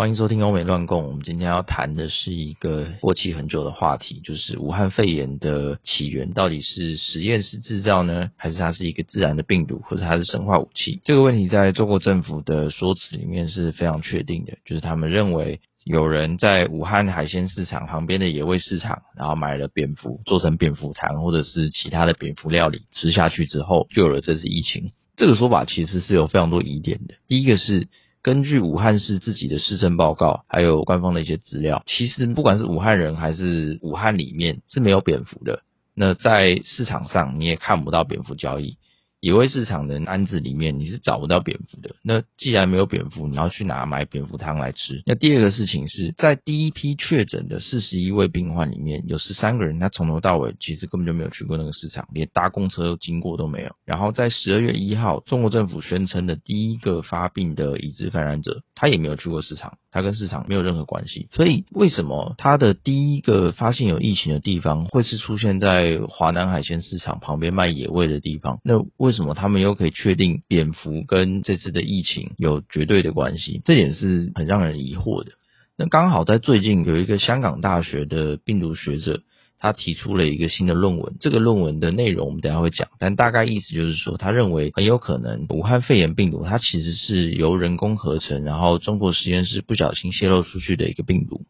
歡迎收聽《歐美亂供》。我們今天要談的是一個過氣很久的話題，就是武漢肺炎的起源到底是實驗室制造呢，還是它是一個自然的病毒，或者它是生化武器？這個問題在中國政府的說辭裡面是非常確定的，就是他們認為有人在武漢海鮮市場旁邊的野味市場，然後買了蝙蝠，做成蝙蝠湯，或者是其他的蝙蝠料理，吃下去之後就有了這次疫情。這個說法其實是有非常多疑點的。第一個是，根據武漢市自己的市政報告，還有官方的一些資料，其實不管是武漢人還是武漢裡面是沒有蝙蝠的。那在市場上你也看不到蝙蝠交易。野味市場的案子裡面，你是找不到蝙蝠的。那既然沒有蝙蝠，你要去哪買蝙蝠湯來吃？那第二個事情是，在第一批確診的四十一位病患裡面，有十三個人他從頭到尾其實根本就沒有去過那個市場，連搭公車經過都沒有。然後在十二月一號，中國政府宣稱的第一個發病的已知感染者。他也沒有去過市場，他跟市場沒有任何關係。所以為什麼他的第一個發現有疫情的地方會是出現在華南海鮮市場旁邊賣野味的地方？那為什麼他們又可以確定蝙蝠跟這次的疫情有絕對的關係？這點是很讓人疑惑的。那剛好在最近有一個香港大學的病毒學者。他提出了一個新的論文，這個論文的內容我們等下會講，但大概意思就是說，他認為很有可能武漢肺炎病毒它其實是由人工合成，然後中國實驗室不小心泄露出去的一個病毒。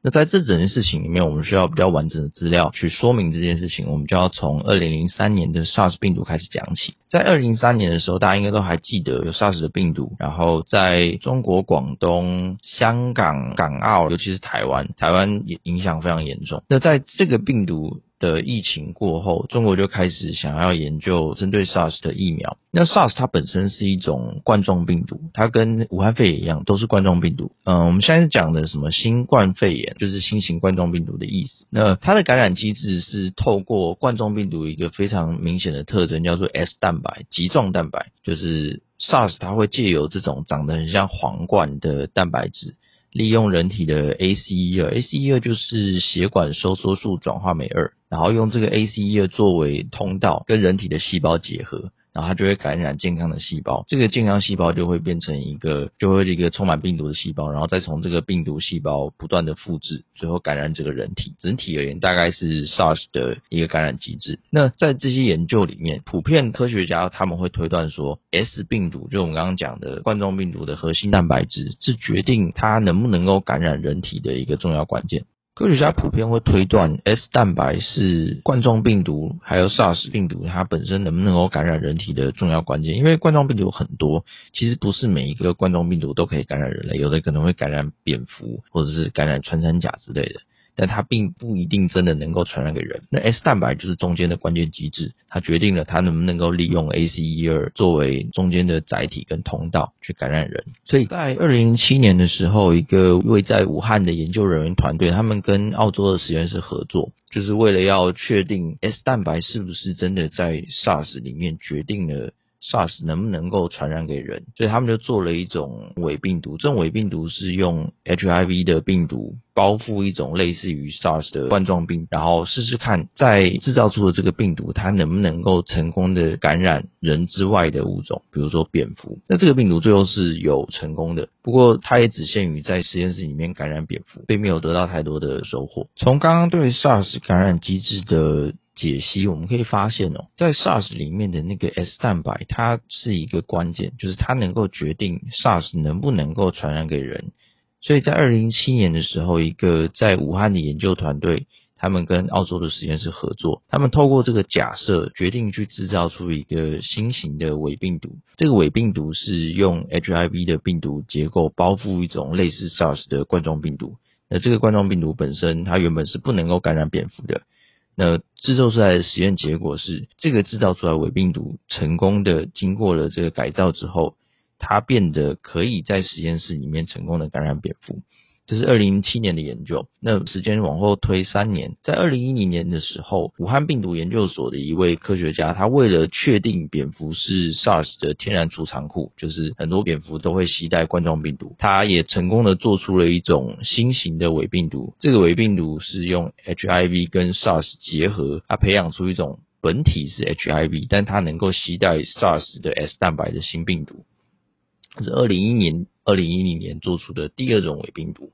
那在這整件事情裡面，我們需要比較完整的資料去說明這件事情，我們就要從二零零三年的 SARS 病毒開始講起。在二零零三年的時候，大家應該都還記得有 SARS 的病毒，然後在中國廣東、香港、港澳，尤其是台灣，台灣也影響非常嚴重。那在這個病毒的疫情過後，中國就開始想要研究針對 SARS 的疫苗。那 SARS 它本身是一種冠狀病毒，它跟武漢肺炎一樣，都是冠狀病毒。嗯，我們現在講的什麼新冠肺炎，就是新型冠狀病毒的意思。那它的感染機制是透過冠狀病毒一個非常明顯的特徵，叫做 S 蛋白，棘狀蛋白，就是 SARS 它會借由這種長得很像皇冠的蛋白質，利用人體的 ACE2，ACE2 就是血管收縮素轉化酶二。然後用這個 ACE2 作為通道跟人體的細胞結合，然後它就會感染健康的細胞，這個健康細胞就會變成一個就會一個充滿病毒的細胞，然後再從這個病毒細胞不斷的複制，最後感染這個人體。整體而言，大概是 SARS 的一個感染機制。那在這些研究裡面，普遍科學家他們會推斷說，S 病毒，就我們剛剛講的冠狀病毒的核心蛋白質是決定它能不能夠感染人體的一個重要關鍵。科學家普遍會推斷，S 蛋白是冠狀病毒還有 SARS 病毒它本身能不能夠感染人體的重要關鍵，因為冠狀病毒很多，其實不是每一個冠狀病毒都可以感染人類，有的可能會感染蝙蝠或者是感染穿山甲之類的。但它並不一定真的能夠傳染給人。那 S 蛋白就是中間的關鍵機制，它決定了它能不能夠利用 ACE2 作為中間的載體跟通道去感染人。所以在二零零七年的時候，一個位在武漢的研究人員團隊，他們跟澳洲的實驗室合作，就是為了要確定 S 蛋白是不是真的在 SARS 裡面決定了。SARS 能不能夠傳染給人？所以他們就做了一種偽病毒，這種偽病毒是用 HIV 的病毒包覆一種類似於 SARS 的冠狀病，然後試試看，在制造出的這個病毒，它能不能夠成功地感染人之外的物種，比如說蝙蝠。那這個病毒最後是有成功的，不過它也只限於在實驗室裡面感染蝙蝠，並沒有得到太多的收穫。從剛剛對 SARS 感染機制的解析，我們可以發現哦、喔，在 SARS 裡面的那個 S 蛋白，它是一個關鍵，就是它能夠決定 SARS 能不能夠傳染給人。所以在二零一七年的時候，一個在武漢的研究團隊，他們跟澳洲的實驗室合作，他們透過這個假設，決定去制造出一個新型的偽病毒。這個偽病毒是用 HIV 的病毒結構包覆一種類似 SARS 的冠狀病毒。那這個冠狀病毒本身，它原本是不能夠感染蝙蝠的。那制作出來的實驗結果是，這個制造出來偽病毒成功的，經過了這個改造之後，它變得可以在實驗室裡面成功的感染蝙蝠。這是二零零七年的研究。那時間往後推三年，在二零一零年的時候，武漢病毒研究所的一位科學家，他為了確定蝙蝠是 SARS 的天然儲藏庫，就是很多蝙蝠都會攜帶冠狀病毒，他也成功的做出了一種新型的偽病毒。這個偽病毒是用 HIV 跟 SARS 結合，他培養出一種本體是 HIV，但它能夠攜帶 SARS 的 S 蛋白的新病毒。這、就是二零一一年、二零一零年做出的第二種偽病毒。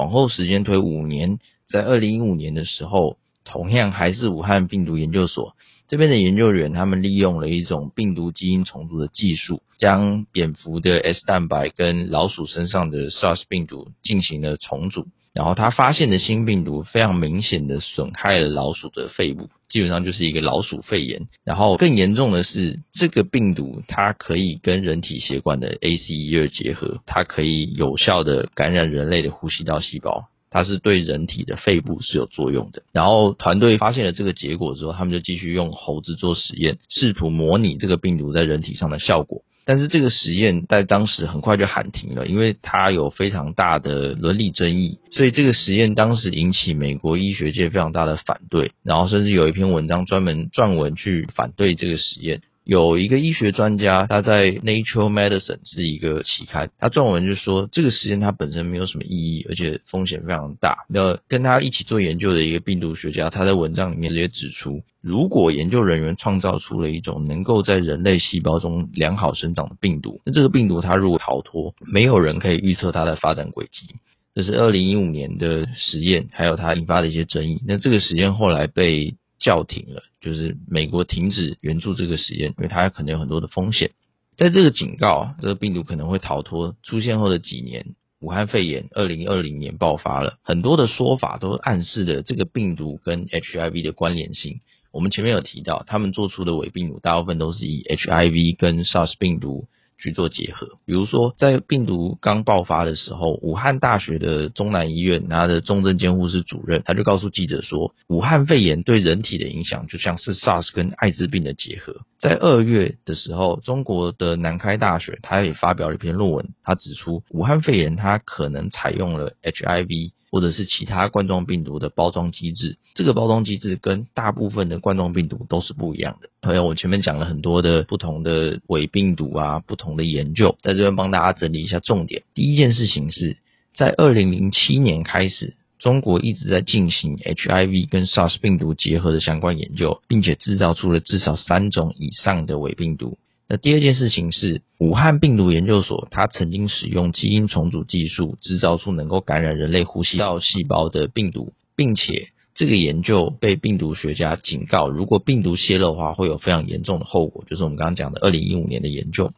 往後時間推五年，在2015年的時候，同樣還是武漢病毒研究所，這邊的研究員，他們利用了一種病毒基因重組的技術，將蝙蝠的 S 蛋白跟老鼠身上的 SARS 病毒進行了重組。然後他發現的新病毒非常明顯的損害了老鼠的肺部，基本上就是一個老鼠肺炎。然後更嚴重的是，這個病毒它可以跟人體血管的 ACE2 結合，它可以有效的感染人類的呼吸道細胞，它是對人體的肺部是有作用的。然後團隊發現了這個結果之後，他們就繼續用猴子做實驗，試圖模擬這個病毒在人體上的效果。但是這個實驗在當時很快就喊停了，因為它有非常大的倫理爭議，所以這個實驗當時引起美國醫學界非常大的反對，然後甚至有一篇文章專門撰文去反對這個實驗。有一個醫學專家，他在《Nature Medicine》是一個期刊，他撰文就說這個實驗它本身沒有什麼意義，而且風險非常大。那跟他一起做研究的一個病毒學家，他在文章裡面直接指出，如果研究人員創造出了一種能夠在人類細胞中良好生長的病毒，那這個病毒它如果逃脫，沒有人可以預測它的發展軌跡。這是2015年的實驗，還有它引發的一些爭議。那這個實驗後來被。叫停了，就是美國停止援助這個實驗，因為它可能有很多的風險。在這個警告，這個病毒可能會逃脫，出現後的幾年，武漢肺炎二零二零年爆發了，很多的說法都暗示了這個病毒跟 HIV 的關聯性。我們前面有提到，他們做出的偽病毒大部分都是以 HIV 跟 SARS 病毒，去做結合，比如說在病毒剛爆發的時候，武漢大學的中南醫院，它的重症監護室主任，他就告訴記者說，武漢肺炎對人體的影響就像是 SARS 跟艾滋病的結合。在二月的時候，中國的南開大學，他也發表了一篇論文，他指出武漢肺炎它可能採用了 HIV。或者是其他冠狀病毒的包裝機制，這個包裝機制跟大部分的冠狀病毒都是不一樣的。還有我前面講了很多的不同的偽病毒啊，不同的研究，在這邊幫大家整理一下重點。第一件事情是，在二零零七年開始，中國一直在進行 HIV 跟 SARS 病毒結合的相關研究，並且製造出了至少三種以上的偽病毒。那第二件事情是，武漢病毒研究所它曾經使用基因重組技術制造出能夠感染人類呼吸道細胞的病毒，並且這個研究被病毒學家警告，如果病毒泄露的話，會有非常嚴重的後果，就是我們剛剛講的二零一五年的研究。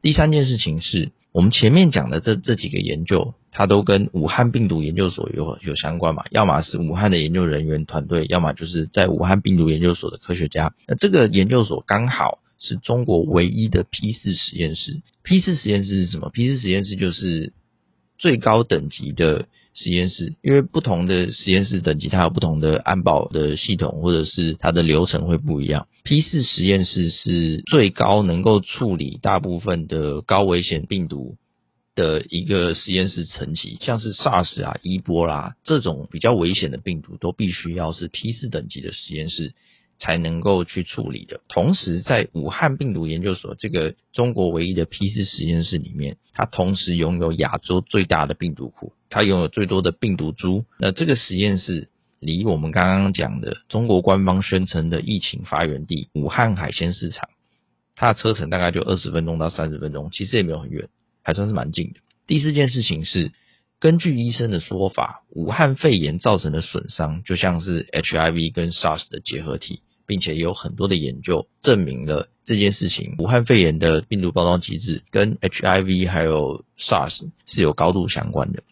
第三件事情是我們前面講的這這幾個研究，它都跟武漢病毒研究所有有相關嘛？要麼是武漢的研究人員團隊，要麼就是在武漢病毒研究所的科學家。那這個研究所剛好。是中國唯一的 P 四實驗室。P 四實驗室是什麼？P 四實驗室就是最高等級的實驗室，因為不同的實驗室等級，它有不同的安保的系統或者是它的流程會不一樣。P 四實驗室是最高能夠處理大部分的高危險病毒的一個實驗室層級，像是 SARS 啊、Ebola 啊，這種比較危險的病毒，都必須要是 P 四等級的實驗室。才能夠去處理的。同時，在武漢病毒研究所這個中國唯一的 P4 實驗室裡面，它同時擁有亞洲最大的病毒庫，它擁有最多的病毒株。那這個實驗室離我們剛剛講的中國官方宣稱的疫情發源地——武漢海鮮市場，它的車程大概就二十分鐘到三十分鐘，其實也沒有很遠，還算是蠻近的。第四件事情是，根據醫生的說法，武漢肺炎造成的損傷就像是 HIV 跟 SARS 的結合體。並且也有很多的研究證明了這件事情，武漢肺炎的病毒包裝機制跟 HIV 還有 SARS 是有高度相關的。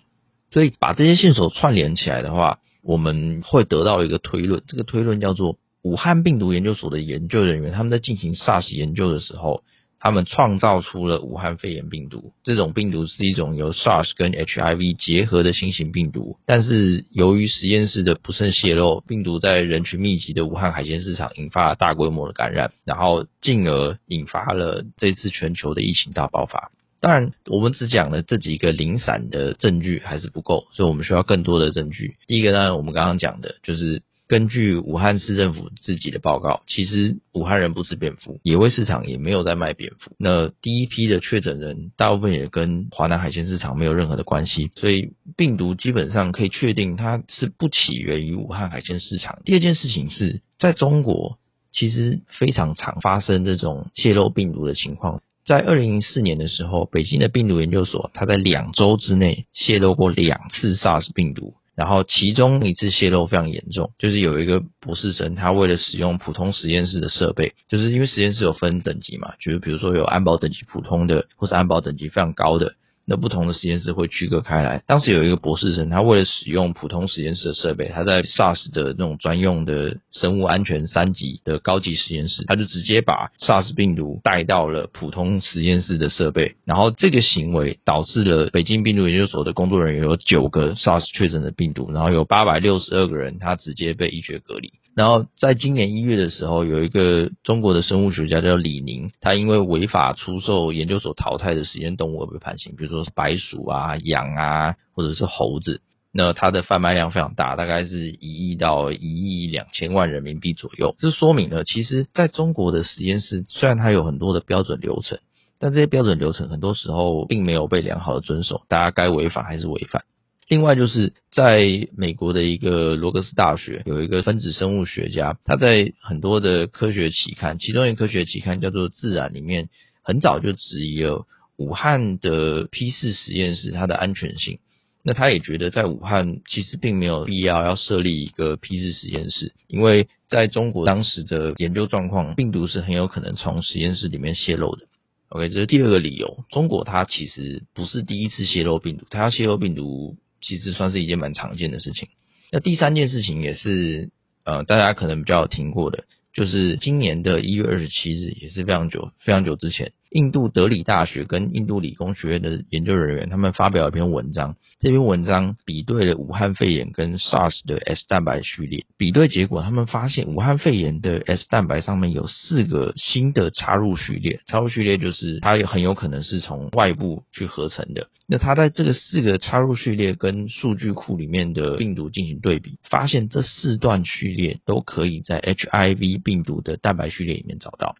所以把這些線索串聯起來的話，我們會得到一個推論，這個推論叫做武漢病毒研究所的研究人員，他們在進行 SARS 研究的時候，他們創造出了武漢肺炎病毒，這種病毒是一種由 SARS 跟 HIV 結合的新型病毒。但是由於實驗室的不慎泄露，病毒在人群密集的武漢海鮮市場引發了大規模的感染，然後進而引發了這次全球的疫情大爆發。當然，我們只講了這幾個零散的證據還是不夠，所以我們需要更多的證據。第一個呢，我們剛剛講的就是。根據武漢市政府自己的報告，其實武漢人不吃蝙蝠，野味市場也沒有在賣蝙蝠。那第一批的確診人，大部分也跟華南海鮮市場沒有任何的關係，所以病毒基本上可以確定它是不起源於武漢海鮮市場。第二件事情是，在中國其實非常常發生這種泄露病毒的情況。在二零零四年的時候，北京的病毒研究所，它在兩周之內泄露過兩次 SARS 病毒。然後其中一次洩露非常嚴重，就是有一個博士生，他為了使用普通實驗室的設備，就是因為實驗室有分等級嘛，就是比如說有安保等級普通的，或是安保等級非常高的。那不同的實驗室會區隔開來。當時有一個博士生，他為了使用普通實驗室的設備，他在 SARS 的那種專用的生物安全三級的高級實驗室，他就直接把 SARS 病毒帶到了普通實驗室的設備。然後這個行為導致了北京病毒研究所的工作人員有九個 SARS 確診的病毒，然後有八百六十二個人他直接被醫學隔離。然後在今年一月的時候，有一個中國的生物學家叫李寧，他因為違法出售研究所淘汰的實驗動物而被判刑，比如說白鼠啊、羊啊，或者是猴子。那他的販賣量非常大，大概是一億到一億兩千萬人民幣左右。這說明了，其實在中國的實驗室，雖然它有很多的標準流程，但這些標準流程很多時候並沒有被良好的遵守，大家該違反還是違反。另外就是在美國的一個羅格斯大學有一個分子生物學家，他在很多的科學期刊，其中一個科學期刊叫做《自然》裡面，很早就質疑了武漢的 P 四實驗室它的安全性。那他也覺得在武漢其實並沒有必要要設立一個 P 四實驗室，因為在中國當時的研究狀況，病毒是很有可能從實驗室裡面洩露的。OK，這是第二個理由。中國它其實不是第一次洩露病毒，它要洩露病毒，其實算是一件蠻常見的事情。那第三件事情也是，呃，大家可能比較有聽過的，就是今年的一月二十七日，也是非常久、非常久之前。印度德里大學跟印度理工學院的研究人員，他們發表了一篇文章。這篇文章比對了武漢肺炎跟 SARS 的 S 蛋白序列，比對結果，他們發現武漢肺炎的 S 蛋白上面有四個新的插入序列。插入序列就是它很有可能是從外部去合成的。那它在這個四個插入序列跟數據庫裡面的病毒進行對比，發現這四段序列都可以在 HIV 病毒的蛋白序列裡面找到。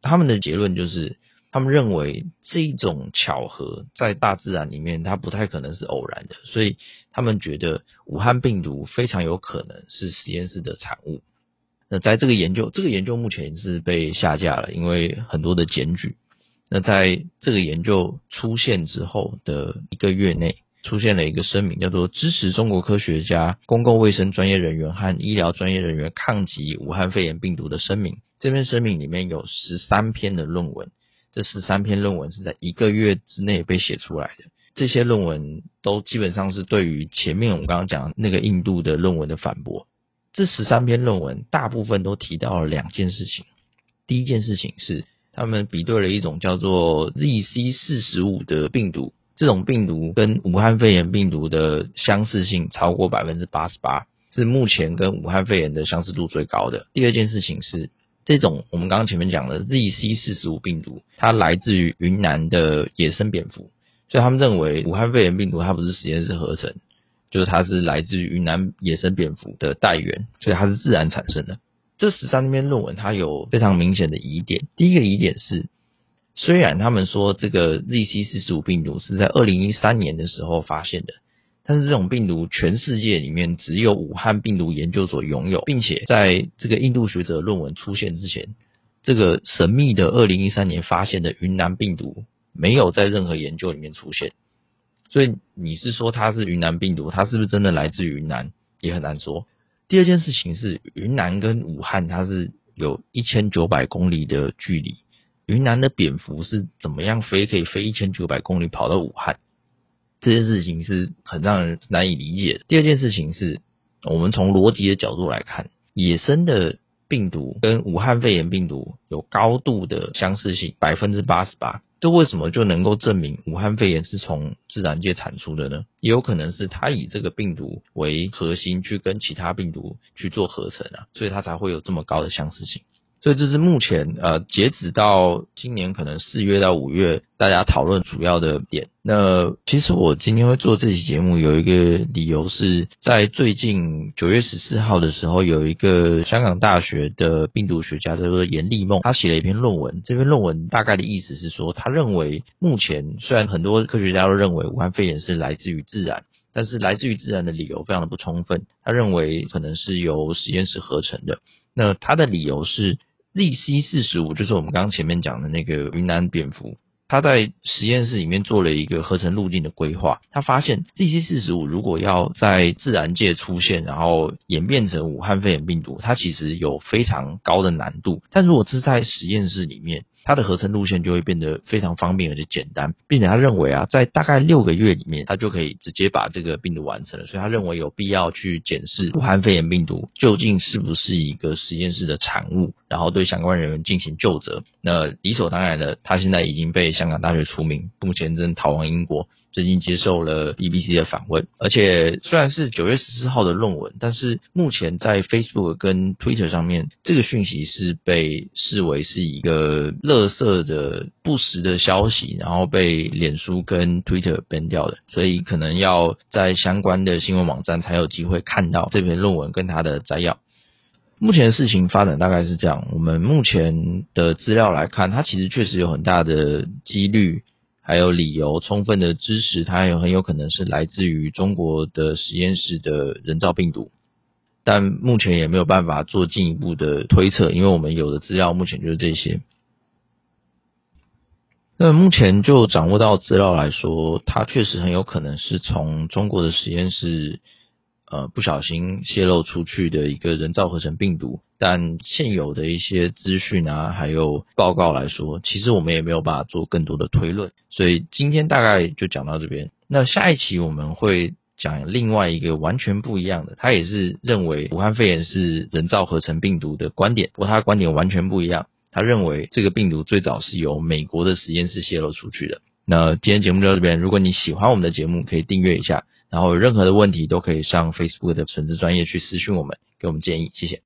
他們的結論就是。他們認為這一種巧合在大自然裡面它不太可能是偶然的，所以他們覺得武漢病毒非常有可能是實驗室的產物。那在這個研究，這個研究目前是被下架了，因為很多的檢舉。那在這個研究出現之後的一個月內，出現了一個聲明，叫做支持中國科學家、公共衛生專業人員和醫療專業人員抗擊武漢肺炎病毒的聲明。這篇聲明裡面有十三篇的論文。這十三篇論文是在一個月之內被寫出來的。這些論文都基本上是對於前面我們剛剛講的那個印度的論文的反駁。這十三篇論文大部分都提到了兩件事情。第一件事情是，他們比對了一種叫做 ZC45 的病毒，這種病毒跟武漢肺炎病毒的相似性超過百分之八十八，是目前跟武漢肺炎的相似度最高的。第二件事情是。這種我們剛剛前面講的 ZC 四十五病毒，它來自於雲南的野生蝙蝠，所以他們認為武漢肺炎病毒它不是實驗室合成，就是它是來自於雲南野生蝙蝠的代源，所以它是自然產生的。這十三篇論文它有非常明顯的疑點，第一個疑點是，雖然他們說這個 ZC 四十五病毒是在二零一三年的時候發現的。但是這種病毒，全世界裡面只有武漢病毒研究所擁有，並且在這個印度學者論文出現之前，這個神秘的2013年發現的雲南病毒沒有在任何研究裡面出現。所以你是說它是雲南病毒，它是不是真的來自雲南？也很難說。第二件事情是，雲南跟武漢它是有一千九百公里的距離，雲南的蝙蝠是怎麼樣飛可以飛一千九百公里跑到武漢？這件事情是很讓人難以理解的。第二件事情是，我們從邏輯的角度來看，野生的病毒跟武漢肺炎病毒有高度的相似性，百分之八十八。這為什麼就能夠證明武漢肺炎是從自然界產出的呢？也有可能是它以這個病毒為核心去跟其他病毒去做合成啊，所以它才會有這麼高的相似性。所以這是目前呃，截止到今年可能四月到五月，大家討論主要的點。那其實我今天會做這期節目有一個理由是，是在最近九月十四號的時候，有一個香港大學的病毒學家叫做閻麗夢，他寫了一篇論文。這篇論文大概的意思是說，他認為目前雖然很多科學家都認為武漢肺炎是來自於自然，但是來自於自然的理由非常的不充分。他認為可能是由實驗室合成的。那他的理由是。ZC 四十五就是我們剛剛前面講的那個雲南蝙蝠，他在實驗室裡面做了一個合成路徑的規劃，他發現 ZC 四十五如果要在自然界出現，然後演變成武漢肺炎病毒，它其實有非常高的難度，但如果是在實驗室裡面。他的合成路線就會變得非常方便而且簡單，並且他認為啊，在大概六個月裡面，他就可以直接把這個病毒完成了。所以他認為有必要去檢視武漢肺炎病毒究竟是不是一個實驗室的產物，然後對相關人員進行究責。那理所當然的，他現在已經被香港大學除名，目前正逃亡英國。最近接受了 BBC 的訪問，而且雖然是九月十四號的論文，但是目前在 Facebook 跟 Twitter 上面，這個訊息是被視為是一個垃圾的不實的消息，然後被臉書跟 Twitter ban 掉的，所以可能要在相關的新聞網站才有機會看到這篇論文跟它的摘要。目前的事情發展大概是這樣，我們目前的資料來看，它其實確實有很大的幾率，還有理由充分的支持，它有很有可能是來自於中國的實驗室的人造病毒，但目前也沒有辦法做進一步的推測，因為我們有的資料目前就是這些。那目前就掌握到資料來說，它確實很有可能是從中國的實驗室呃不小心洩露出去的一個人造合成病毒。但現有的一些資訊啊，還有報告來說，其實我們也沒有辦法做更多的推論。所以今天大概就講到這邊。那下一期我們會講另外一個完全不一樣的，他也是認為武漢肺炎是人造合成病毒的觀點，不過他的觀點完全不一樣。他認為這個病毒最早是由美國的實驗室泄露出去的。那今天節目就到這邊。如果你喜歡我們的節目，可以訂閱一下。然後有任何的問題都可以上 Facebook 的存知專頁去私訊我們，給我們建議。謝謝。